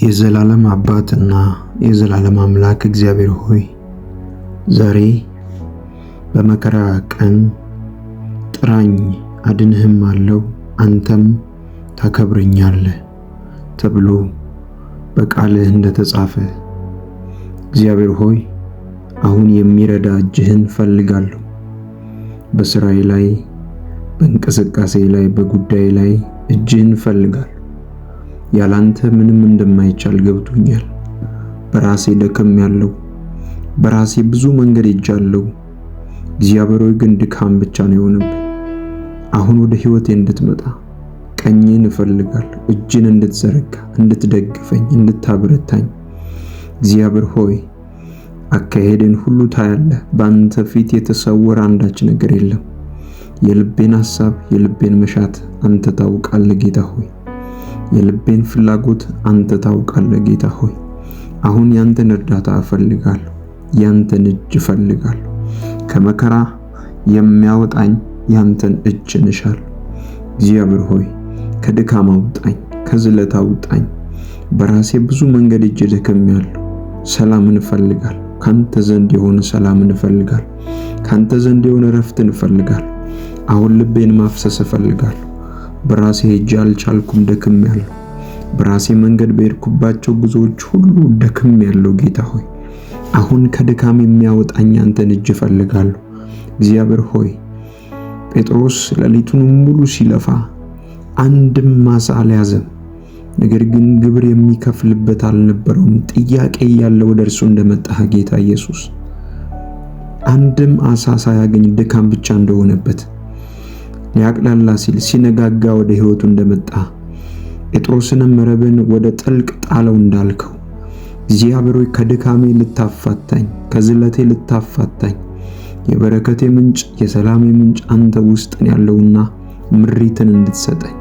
የዘላለም አባትና የዘላለም አምላክ እግዚአብሔር ሆይ ዛሬ በመከራ ቀን ጥራኝ አድንህም አለው አንተም ታከብረኛለህ ተብሎ በቃልህ እንደተጻፈ እግዚአብሔር ሆይ አሁን የሚረዳ እጅህን ፈልጋለሁ። በስራዬ ላይ፣ በእንቅስቃሴ ላይ፣ በጉዳይ ላይ እጅህን ፈልጋለሁ። ያላንተ ምንም እንደማይቻል ገብቶኛል። በራሴ ደከም ያለው በራሴ ብዙ መንገድ ሄጃለሁ። እግዚአብሔር ግን ድካም ብቻ ነው የሆነብ። አሁን ወደ ህይወቴ እንድትመጣ ቀኝን እፈልጋል። እጅን እንድትዘረጋ፣ እንድትደግፈኝ፣ እንድታበረታኝ። እግዚአብሔር ሆይ አካሄድን ሁሉ ታያለህ። በአንተ ፊት የተሰወረ አንዳች ነገር የለም። የልቤን ሐሳብ፣ የልቤን መሻት አንተ ታውቃለህ ጌታ ሆይ የልቤን ፍላጎት አንተ ታውቃለህ ጌታ ሆይ። አሁን ያንተን እርዳታ እፈልጋለሁ፣ ያንተን እጅ እፈልጋለሁ። ከመከራ የሚያወጣኝ ያንተን እጅ እንሻለሁ። እግዚአብሔር ሆይ ከድካም አውጣኝ፣ ከዝለት አውጣኝ። በራሴ ብዙ መንገድ እጅ ደክሜያለሁ። ሰላምን እፈልጋለሁ። ካንተ ዘንድ የሆነ ሰላምን እፈልጋለሁ። ካንተ ዘንድ የሆነ እረፍትን እፈልጋለሁ። አሁን ልቤን ማፍሰስ እፈልጋለሁ። በራሴ ሄጄ አልቻልኩም፣ ደክም ያለው በራሴ መንገድ በሄድኩባቸው ጉዞዎች ሁሉ ደክም ያለው ጌታ ሆይ አሁን ከድካም የሚያወጣኝ አንተን እጅ እፈልጋለሁ። እግዚአብሔር ሆይ ጴጥሮስ ሌሊቱን ሙሉ ሲለፋ አንድም ማሳ አልያዘም። ነገር ግን ግብር የሚከፍልበት አልነበረውም። ጥያቄ ያለ ወደ እርሱ እንደመጣ ጌታ ኢየሱስ አንድም አሳ ሳያገኝ ድካም ብቻ እንደሆነበት ሊያቅላላ ሲል ሲነጋጋ ወደ ሕይወቱ እንደመጣ ጴጥሮስንም መረብን ወደ ጥልቅ ጣለው እንዳልከው እግዚአብሔር ሆይ ከድካሜ ልታፋታኝ፣ ከዝለቴ ልታፋታኝ፣ የበረከቴ ምንጭ፣ የሰላሜ ምንጭ አንተ ውስጥን ያለውና ምሪትን እንድትሰጠኝ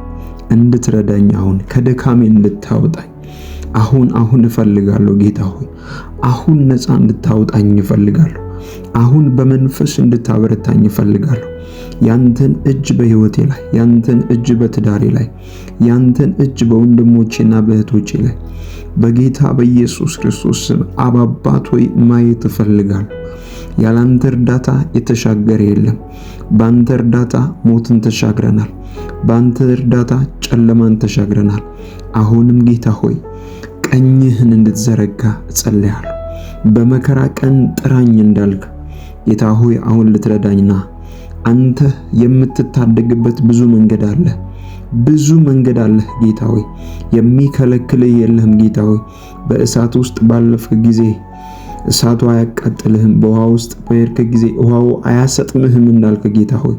እንድትረዳኝ አሁን ከድካሜ እንድታወጣኝ አሁን አሁን እፈልጋለሁ ጌታ ሆይ፣ አሁን ነፃ እንድታወጣኝ እፈልጋለሁ። አሁን በመንፈስ እንድታበረታኝ እፈልጋለሁ። ያንተን እጅ በህይወቴ ላይ፣ ያንተን እጅ በትዳሬ ላይ፣ ያንተን እጅ በወንድሞቼና በእህቶቼ ላይ በጌታ በኢየሱስ ክርስቶስ ስም አባባት ሆይ ማየት እፈልጋለሁ። ያላንተ እርዳታ የተሻገረ የለም። በአንተ እርዳታ ሞትን ተሻግረናል። በአንተ እርዳታ ጨለማን ተሻግረናል። አሁንም ጌታ ሆይ ቀኝህን እንድትዘረጋ እጸልያለሁ። በመከራ ቀን ጥራኝ እንዳልክ ጌታ ሆይ አሁን ልትረዳኝና አንተ የምትታደግበት ብዙ መንገድ አለ ብዙ መንገድ አለህ ጌታ ሆይ፣ የሚከለክልህ የለህም ጌታ ሆይ። በእሳት ውስጥ ባለፍክ ጊዜ እሳቱ አያቃጥልህም፣ በውሃ ውስጥ በሄድክ ጊዜ ውሃው አያሰጥምህም እንዳልክ ጌታ ሆይ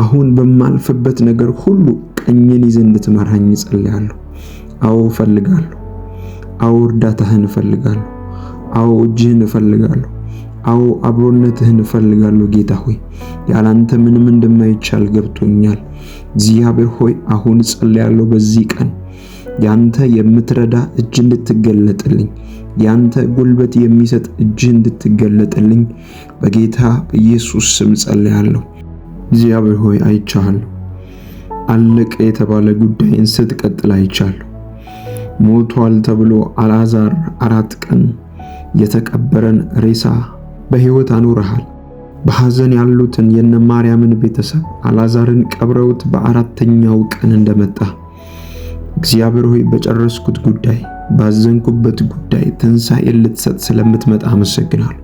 አሁን በማልፍበት ነገር ሁሉ ቀኝን ይዘህ እንድትመራኝ እጸልያለሁ። አዎ እፈልጋለሁ። አዎ እርዳታህን እፈልጋለሁ። አዎ እጅህን እፈልጋለሁ። አዎ አብሮነትህን እፈልጋለሁ። ጌታ ሆይ ያላንተ ምንም እንደማይቻል ገብቶኛል። እግዚአብሔር ሆይ አሁን እጸልያለሁ በዚህ ቀን ያንተ የምትረዳ እጅ እንድትገለጥልኝ ያንተ ጉልበት የሚሰጥ እጅ እንድትገለጥልኝ በጌታ በኢየሱስ ስም ጸልያለሁ። እግዚአብሔር ሆይ አይቻለሁ። አለቀ የተባለ ጉዳይን ስትቀጥል አይቻለሁ። ሞቷል ተብሎ አልዓዛር አራት ቀን የተቀበረን ሬሳ በሕይወት አኖረሃል። በሐዘን ያሉትን የነ ማርያምን ቤተሰብ አልዓዛርን ቀብረውት በአራተኛው ቀን እንደመጣ እግዚአብሔር ሆይ በጨረስኩት ጉዳይ ባዘንኩበት ጉዳይ ትንሣኤን ልትሰጥ ስለምትመጣ አመሰግናለሁ።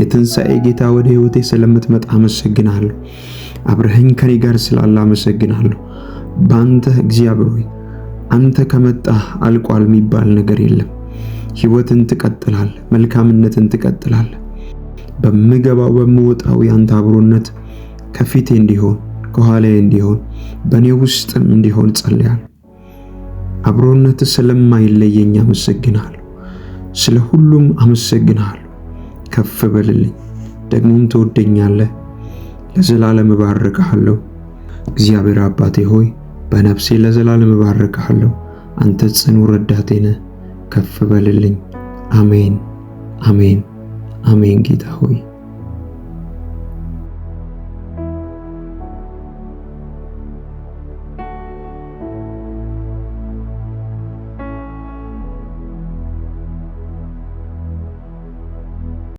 የትንሣኤ ጌታ ወደ ሕይወቴ ስለምትመጣ አመሰግናለሁ። አብረኸኝ ከኔ ጋር ስላለ አመሰግናለሁ። በአንተ እግዚአብሔር ሆይ አንተ ከመጣህ አልቋል የሚባል ነገር የለም። ሕይወትን ትቀጥላል፣ መልካምነትን ትቀጥላል። በምገባው በምወጣው ያንተ አብሮነት ከፊቴ እንዲሆን ከኋላዬ እንዲሆን በእኔ ውስጥም እንዲሆን ጸልያለሁ። አብሮነት ስለማይለየኝ አመሰግናለሁ። ስለ ሁሉም አመሰግናለሁ። ከፍ በልልኝ፣ ደግሞም ትወደኛለህ። ለዘላለም እባርክሃለሁ። እግዚአብሔር አባቴ ሆይ በነፍሴ ለዘላለም እባርክሃለሁ። አንተ ጽኑ ረዳቴ ነህ፣ ከፍ በልልኝ። አሜን አሜን አሜን። ጌታ ሆይ